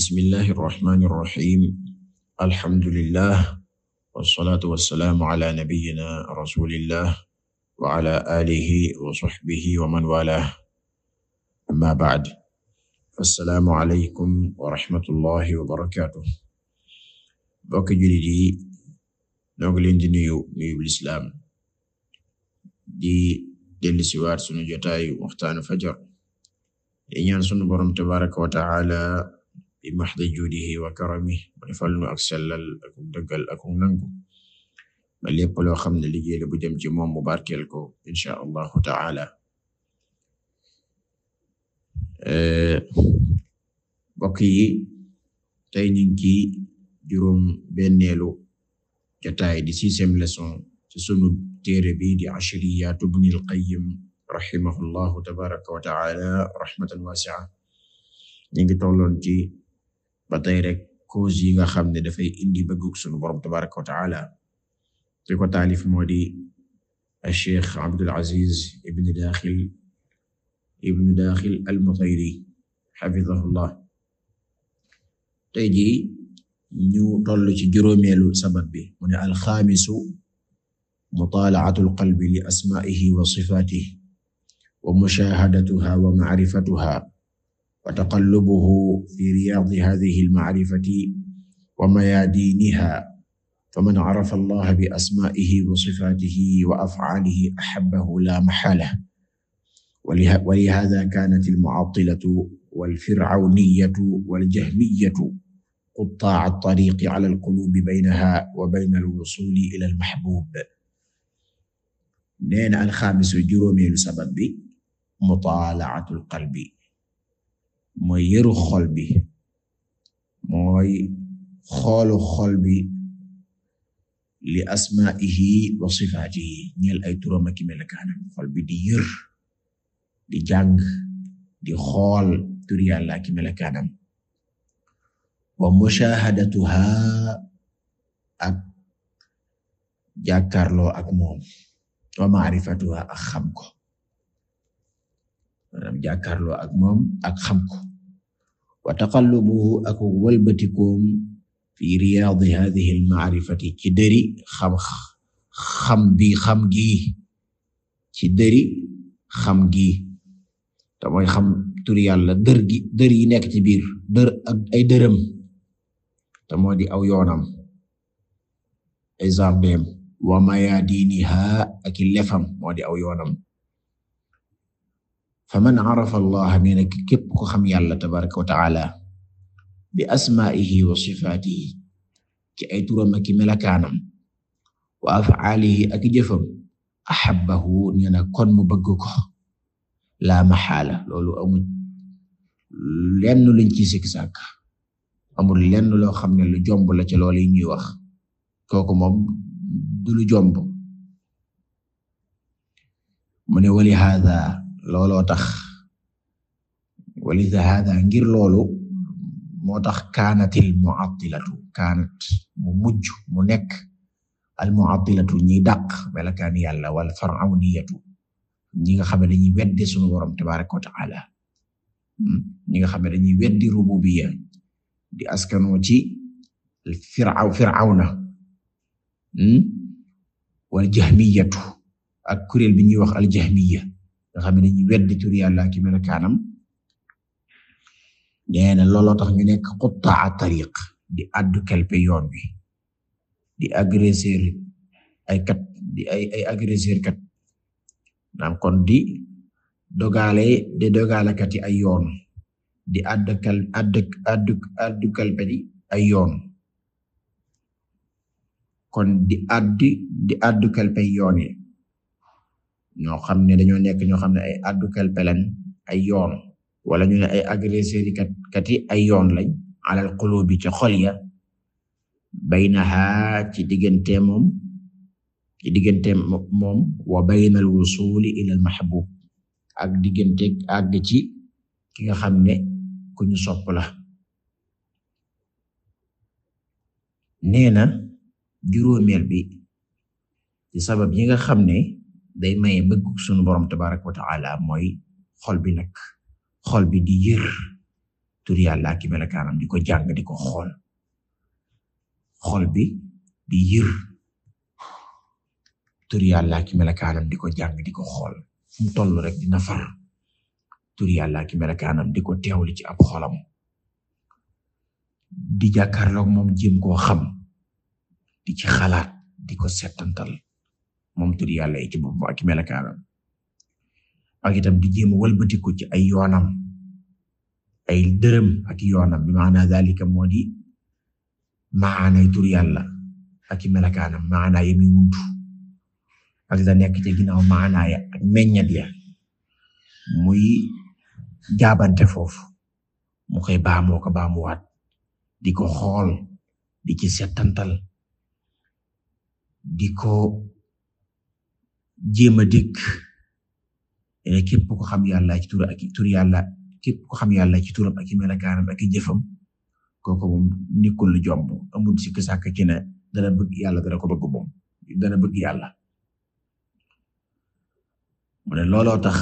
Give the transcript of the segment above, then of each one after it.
bismillahi irrahmani irrahim alhamdulillah wasalaatu wasalaamu ala nabiyina rasulillah wa ala alihi wa sahbihi wa man walah amma ba'd assalaamu alaykum wa rahmatullahi wa barakatuh bokk julit yi ñoo ngi leen di nuyu nuyub lislaam di dellu siwaat sunu jotaayu waxtaanu fajar di ñaan sunu borom tabaraka wa taala bi maxdi juudihi wa karamihi mu defal nu ak sellal ak dëggal ak nangu ba lépp loo xam ne liggéey la bu jëm ci moom mu barkeel ko insha allahu taala eh, mbokk yi tey ñu ngi juróom benneelu jotaay di sixième leçon ci sunu téere bi di ashriyaatu Ibnul Qayyim rahimahullahu tabaraka wa taala rahmatan wasi'a ñu ngi tolloon ba tey rek cause yi nga xam ne dafay indi bëggug sunu borom tabaraka wa taala te ko taalif moo di Cheikh Abdul ibn Daxil ibn Daxil al-Mutayri xafidahullah tey jii ñu toll ci juróomeelu sabab bi mu ne alxaamisu mutaalaatul qalbi li asmaa'ihi wa sifaatihi wa mushaahadatuha wa taqallubuhu fi riyaadi haadihi al-ma'rifati wa mayaadiinihaa faman arafa Allaha bi asmaa'ihi wa sifaatihi wa af'aalihi ahabbahu laa maxaala wa lihaazaa kaanat al-mu'attilatu wal-fir'awniyyatu wal-jahmiyyatu quttaa' at-tariiqi 'alaa al-quluubi baynahaa wa bayna al-wusuuli ilaa al-mahbuub nee na alxaamis juróomeelu sabab bi mutaala'atul qalbi mooy yëru xol bi mooy xoolu xol bi li asmaihi wa sifaatihi ñeel ay turam ak melokaanam xol bi di yër di jàng di xool tur yàlla ak melokaanam wa mushahadatuha ak jàkkaarloo ak moom wa maarifatuha ak xam ko maanaam jàkkaarloo ak moom ak xam ko wa taqallubuhu ak walbatikoom fi riyaadi haadihi marifati ci dëri xam xam bi xam gi ci dëri xam gi te moy xam tur yàlla dër gi dër yi nekk ci biir dër ak ay dërëm te moo di aw yoonam ay zarbeem ak i lefam moo di aw yoonam faman arafa allaha nee na képp ko xam yàlla tabaraka wa taala bi asmaihi wa sifaatihi ci ay turam ak melakaanam wa afaalihi ak jëfam ahabbahu nee na kon mu bëgg ko la maxaala loolu amul lenn luñ ci sikk sàkk amul lenn loo xam ne lu jomb la ci loolu yi ñuy wax kooku moom du lu jomb mu ne wali hada looloo tax walida hada ngir loolu moo tax kaanatil mu'attilatu kaanat mu mujj mu nekk al mu'attilatu ñi dàq melakaan yàlla wal fir'awniyatu ñi nga xam ne dañuy weddi sunu borom tabaraka wa taala hmm? ñi nga xam ne dañuy weddi rububiyya di askanoo ci firaw firawna hmm? wal jahmiyatu ak kuréel bi ñuy wax al jahmiyya nga xam ne dañuy weddi tur yàlla ki melokaanam nee na looloo tax ñu nekk quttaa tariq di addu kelpe yoon bi di agresseur ay kat di ay ay kat naam kon di dogaale di dogaale kat yi ay yoon di addu kal addu yoon kon di addi di addu kelpe yoon yi ñoo xam ne dañoo nekk ñoo xam ne ay addukel pelan a yoon wala ñu ne ay agresseurs yi kati ay yoon lañ alal qulubi ca xolya ya baynaha ci diggante moom ci diggante moom wa bayna al wusuli ila al mahbub ak diggante àgg ci ki nga xam ne ku ñu sopp la nee na juróomeel bi ci sabab yi nga xam ne day maye bëgg sunu borom tabaraka wa taala mooy xol bi nag xol bi di yër tur yàlla ak melakaanam di ko jàng di ko xool bi di yër tur yàlla ak melakaanam di ko jàng di ko xool fu mu toll rek dina far tur yàlla ak melakaanam di ko teewli ci ab xolam di jàkkaarloog moom jéem koo xam di ci xalaat di ko settantal moom tur yàlla yi ci boppam ak melakaanam ak itam di jéem a walbatiku ci ay yoonam ay dërëm ak yoonam bi maana zalika moo di maanaay tur yàlla ak melakaanam maanaay yi muy wuntu ak da nekk ci ginnaaw maanaay ak meññat ya muy jaabante foofu mu koy baamoo ko baamuwaat di ko xool di ci settantal jéem a dikk eh, képp ko xam yàlla ci tur ak tur yàlla képp xam yàlla ci turam ak i melakaanam ak i jëfam kooku moom nekkul lu jomb amul sikk sàkk ci ne bëgg yàlla dana ko bëgg moom bëgg yàlla mu ne looloo tax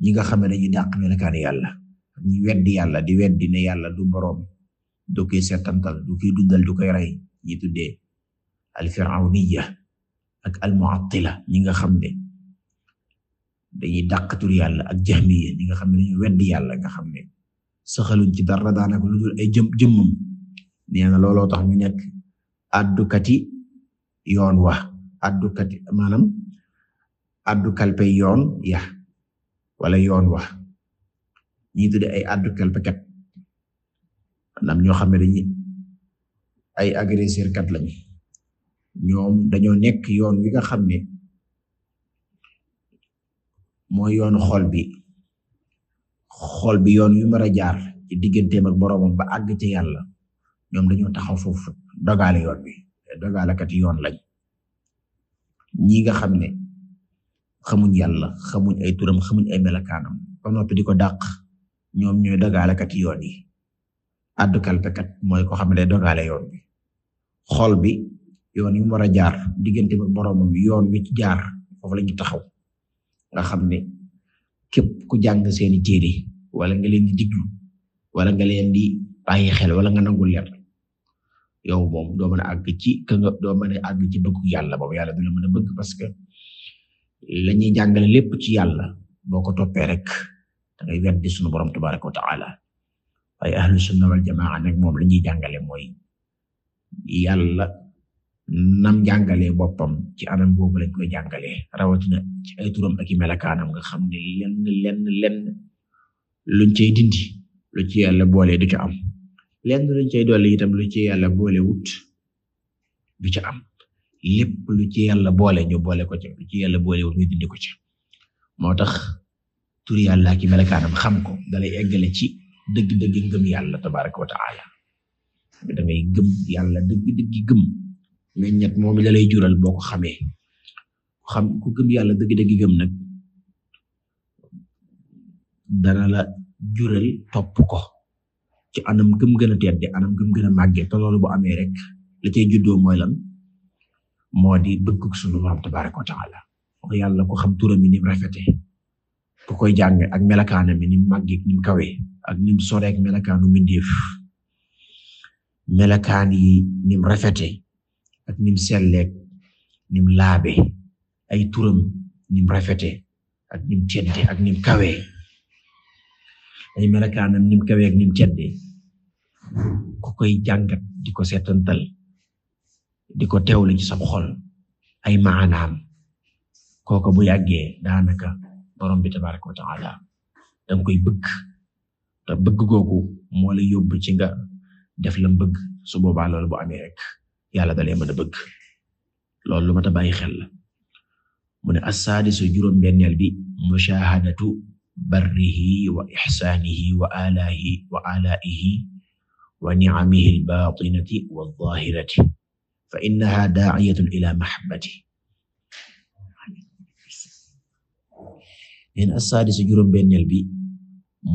ñi nga xam ne dañuy dàq melakaani yàlla ñi weddi yàlla di weddi ne yàlla du boroom du koy setantal koy dundal du koy rey ñi tuddee al ak almuattila ñi nga xam ne dañuy dàqatul yàlla ak jahmiya ñi nga xam ne dañuy weddi yàlla nga xam ne saxaluñ ci dara daanaka lu dul ay jëm jëmmam nee na looloo tax ñu nekk addukati yoon wa addukati maanaam addu kalpe yoon ya wala yoon wa ñi tudde ay addu kalpe kat maanaam ñoo xam ne dañuy ay agresseur kat lañu ñoom dañoo nekk yoon wi nga xam ne mooy yoonu xool bi xool bi yoon wi mar a jaar ci digganteem ak boroomam ba àgg ci yàlla ñoom dañoo taxaw foofu dogaale yoon bi dogaalakati yoon lañ ñi nga xam ne xamuñ yàlla xamuñ ay turam xamuñ ay melakaanam ba noppi di ko dàq ñoom ñooy dogaalakati yoon yi àddu kalpekat mooy ko xam ne dogale yoon bi xol bi yoon yi mu war a jaar diggante ba yoon wi ci jaar foofu la ñu taxaw nga xam ne képp ku jàng seeni téere wala nga leen di diglu wala nga leen di bàyyi xel wala nga nangul leen yow moom doo mën a àgg ci ka nga doo a àgg ci bëggu yàlla boobu yàlla du la mën a bëgg parce que la ñuy jàngale lépp ci yàlla boo ko toppee rek da ngay weddi sunu borom tabaraka wa taala waaye moom la ñuy jàngale mooy yàlla nam jàngale boppam ci anam boobu lañ koy jàngalee rawatina ci ay turam ak i melakaanam xam ne lenn lenn lenn luñ cay dindi lu ci yàlla boole du ca am lenn luñ cay dolli itam lu ci yàlla boole wut du am lépp lu ci yàlla boole ñu boole ko ca lu ci yàlla boole wut ñu dindi ko ca moo tax tur yàlla ak i melakaanam xam ko dalay eggale ci dëgg-dëgg ngëm yàlla tabaraka wa taala da ngay dëgg-dëgg gëm. meññat moom la dalay jural boo ko xamee ku xam ku gëm yàlla dëgg-dëgg gëm nag dana la jural topp ko ci anam këm gën a tedde anam gëm gën a màgge te loolu bu amee rek la cay juddoo mooy lan moo di bëgg sunu borom tabaraka wa taala wax yàlla ko xam turam mi ni mu rafete ku koy jàng ak melakaana mi ni mu màggee ni mu kawee ak ni mu soree ak melakaanu mbindeef melakaan yi ni mu ak nim selleeg nim laabe ay turam nim rafete ak nim tedde ak nim kawe ay melakaanam nim kawe ak nim tedde ku koy jàngat di ko seetantal di ko teewlu ci sab xol ay maanaam kooko bu yàggee daanaka borom bi tabaraka wa taala danga koy bëgg te bëgg googu moo yóbbu ci nga def la bëgg su boobaa loolu bu amee rek yàlla dalee mën a bëgg loolu lu mat a bàyyi xel la mu ne assaadisu juróom-benneel bi mushaahadatu barrihi wa ixsaanihi wa alaahi wa alaa'ihi wa ni'amihi albaatinati wa adh-dhaahirati fa innaha daa'iyatun ila mahabbati neen assaadisu juróom-benneel bi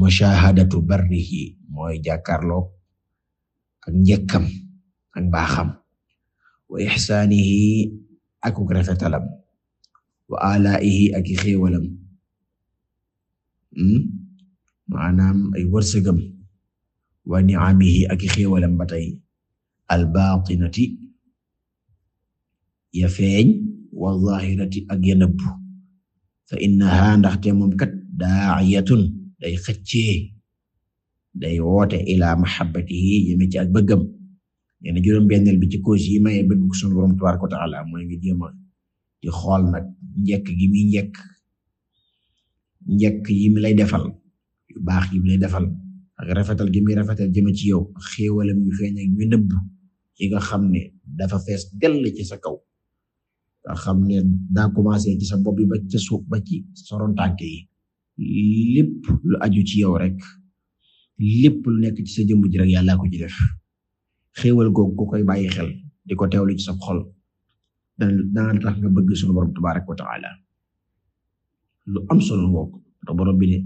mushaahadatu barrihi mooy jàkkaarloo ak njëkkam ak mbaaxam wa ixsaanihi akuk rafetalam wa alaihi aki xéewalam hmm? maanaam ay wërsëgam wa ni'amihi aki xéewalam ba tey albaatinati ya feeñ wa zaahirati ak ya nëbb fa innaha ndaxte moom kat daa'iyatun day xëccee day woote ila mahabbatihi yemi ci ak nee na juróom-benneel bi ci cause yi maye bëgg sunu borom tabaaraka wa taala mooy nga jéem a xool nag njekk gi muy njekk njekk yi mi lay defal yu baax yi mi lay defal ak rafetal gi mi rafetal jëme ci yow xéewalam yu feeñ ak nëbb yi nga xam ne dafa fees dell ci sa kaw nga xam ne daa commencé ci sa bopp bi ca suuf ba ci sorontànk yi lépp lu aju ci yow rek lépp lu nekk ci sa jëmb ji rek laa ko ci def xéewal ko gu koy bàyyi xel di ko teewlu ci sa xol dana dana tax nga bëgg sunu borom tabaraka wa taala lu am solo ngoog te borom bi ne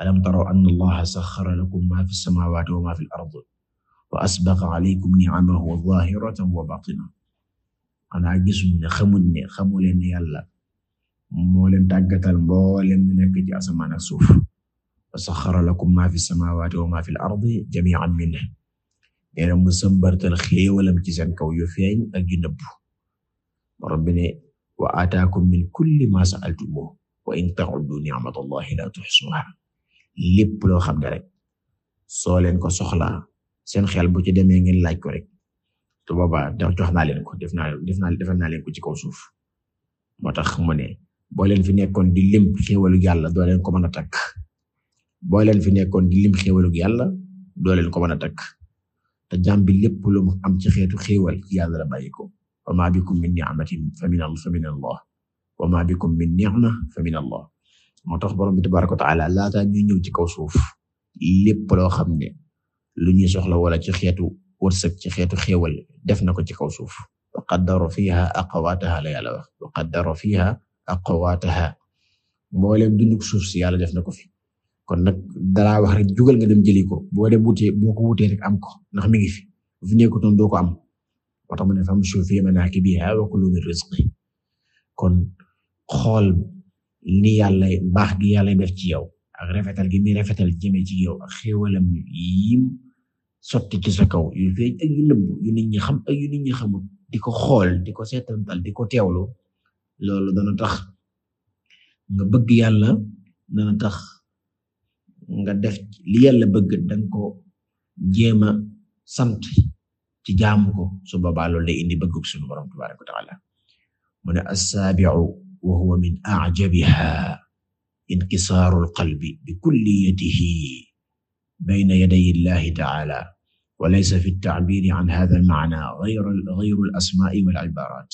alam taraw anna allaha saxara lakum ma fi samawati wa ma fi ard wa asbaqa alaykum ni'amahu zahiratan wa batina xanaa gisuñ ne xamuñ ne yàlla moo leen tàggatal mbooleem mi nekk ci asamaan ak suuf wa lakum ma fi samawati wa ma fi al-ard jami'an minhu nee na mu sëmbartal xéewalam ci seen kaw yu feeñ ak yu nëbb borom bi ne wa ataakum min kulli ma sa'altumuh wa in ta'uddu ni'matallahi la tuhsuha lépp loo xam ne rek soo leen ko soxlaa seen xel bu ci demee ngeen laaj ko rek te booba da jox naa leen ko def naa def naa defal naa leen ko ci kaw suuf moo tax mu ne boo fi nekkoon di lim xéewalu yàlla doo ko mën a takk boo fi nekkoon di lim xéewalu yàlla doo ko mën a takk te jaam bi lépp lu mu am ci xeetu xéewal ci yàlla la bàyyi ko wa ma bikum min ni'matin fa min fa min allah wa ma bikum min ni'ma fa min allah moo tax borom bi tabaaraka wa ta'ala laata ñu ñëw ci kaw suuf lépp loo xam ne lu ñuy soxla wala ci xeetu wërsëg ci xeetu xéewal def na ko ci kaw suuf wa qaddara fiha aqwaataha la yàlla wax wa qaddara fiha aqwaataha mboolem dunduk suuf si yàlla def na ko fi kon nag dalaa wax rek jugal nga dem jëli ko boo dem wutee boo ko wutee rek am ko ndax mi ngi fi bu fi nekkutoon doo ko am moo tax mu ne famshuu fii manaakibihaa wa kuluu min rizqihi kon xool ni yàlla baax gi yàlla def ci yow ak rafetal gi mi rafetal jëme ci yow ak xéewalam yim sotti ci sa kaw yu feeñ ak yu nëbb yu nit ñi xam ak yu nit di ko xool di ko seetantal di ko teewlu loolu dana tax nga bëgg yàlla dana tax nga def li yàlla bëgg danga ko jéem a sant ci jaamu ko su boobaa loolu lay indi bëggug sunu borom tabaraka wa taala mu ne assaabiu wa huwa min ajabiha inkisaaru alqalbi bi kulliyatihi bayna yaday illahi taala wa laysa fi ltaabiri an hada almaana gayru alasmaai wal ibarat